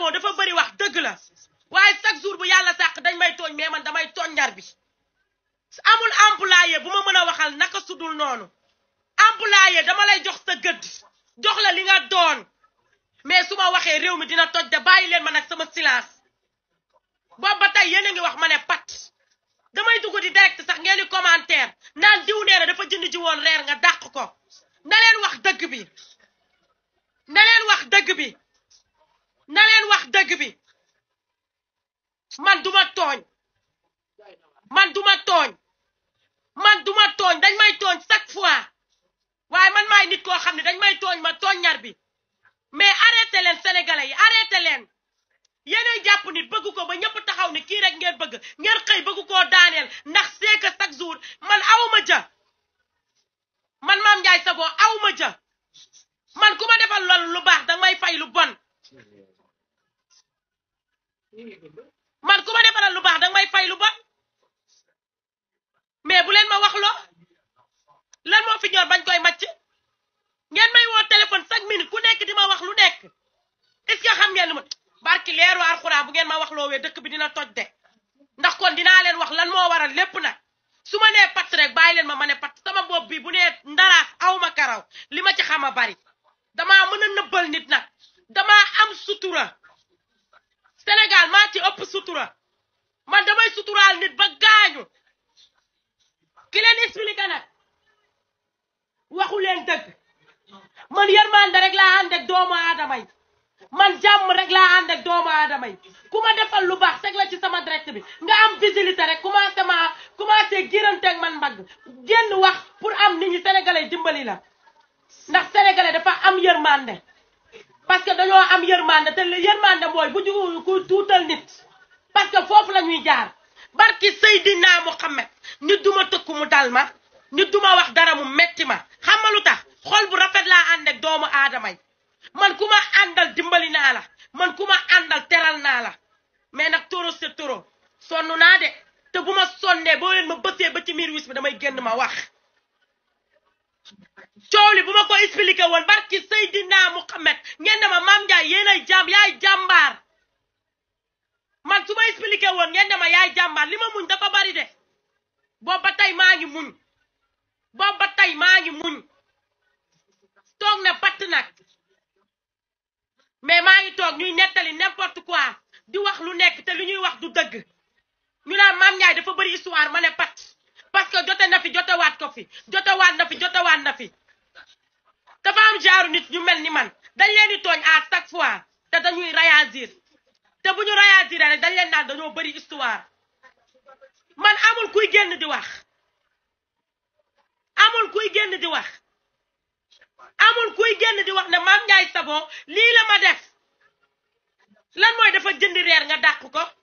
bon dafa bëri wax dëgg la waaye chaque jour bu yàlla sàq dañ may tooñ mais man damay tooñ ñaar bi amul employé bu ma mën a waxal naka sudul noonu employé dama lay jox sa gëdd jox la li nga doon mais su ma waxee réew mi dina toj de bàyyi leen ma nag sama silence boobu ba tey yéen a ngi wax ma ne pat damay dugg di direct sax ngeen di commentaire naan diw nee na dafa jënd ji woon reer nga dàq ko na leen wax dëgg bi na leen wax dëgg bi dëgg bi man duma tooñ man duma tooñ man duma tooñ dañ may tooñ chaque fois waaye man maay nit koo xam ne dañ may tooñ ma tooñ ñar bi mais arrêté leen sénégalais yi arrêté leen yéenay jàpp nit bëgg ko ba ñëpp taxaw ni kii rek ngeen bëgg ngeen xëy bëgg koo daaneel ndax seeka chaque jour man awma ja man maam Ndiaye Savon awma ja man ku ma defal loolu lu baax danga may fay lu bon man ku ma defaral lu baax danga may fay lu bon mais bu leen ma wax loo lan moo fi ñor bañ koy màcc ngeen may woo téléphone chaque minute ku nekk di ma wax lu nekk est-ce que xam ngeen lu ma barki waar alxuraan bu ngeen ma wax loowee dëkk bi dina toj de ndax kon dinaa leen wax lan moo wara lepp nag su ma nee pat rek bàyyi leen ma ma ne pat sama bopp bi bu nee ndaraas aw ma karaw li ma ci xam a bari damaa ma a nëbbal nit na dama am sutura Sénégal maa ci ëpp sutura man damay suturaal nit ba gaañu ki leen expliqué nag waxu leen dëgg man yërmande rek laa ànd ak doomu aadama man jàmm rek laa ànd ak doomu aadama yi defal lu baax teg la ci sama direct bi nga am visibilité rek commencé ma commencé giranteeg man mbagg génn wax pour am nit ñi sénégalais dimbali ndax sénégalais dafa am yërmande parce que dañoo am yërmande te yërmande mooy bu jugu ku tuutal nit parce que foofu la ñuy jaar barki Seydina Muhammad du ma tëkku mu dal ma du duma wax dara mu metti ma xam nga lu tax bu rafet laa ànd doomu aadama yi man ku ma àndal dimbali naa la man ku ma àndal teral naa la mais nag toro c'est toro sonn naa de te bu ma sonnee boo leen ma bësee ba ci miir wis bi damay génn ma wax coow li bu ma ko expliqué woon barki Seydina Muhammad ngeen dama maam Ndiaye yéenay jàmm yaay jàmbaar man su ma expliqué woon ngeen dama yaay jàmbaar li ma muñ dafa bari de boobu ba tey maa ngi muñ boobu ba tey maa ngi muñ toog na patt nag mais maa ngi toog ñuy nettali n'importe quoi di wax lu nekk te lu ñuy wax du dëgg ñu naan maam Ndiaye dafa bëri histoire ma ne patt parce que jote na fi jotewaat ko fi jotewaat na fi jotewaat na fi dafa am jaaru nit ñu mel ni man dañ leen tooñ à chaque fois te dañuy réagir te bu ñu réagir rek dañ leen naan dañoo bëri histoire man amul kuy génn di wax amul kuy génn di wax wax ne Mame Ndiaye Savon lii la ma def lan mooy dafa jënd reer nga dàq ko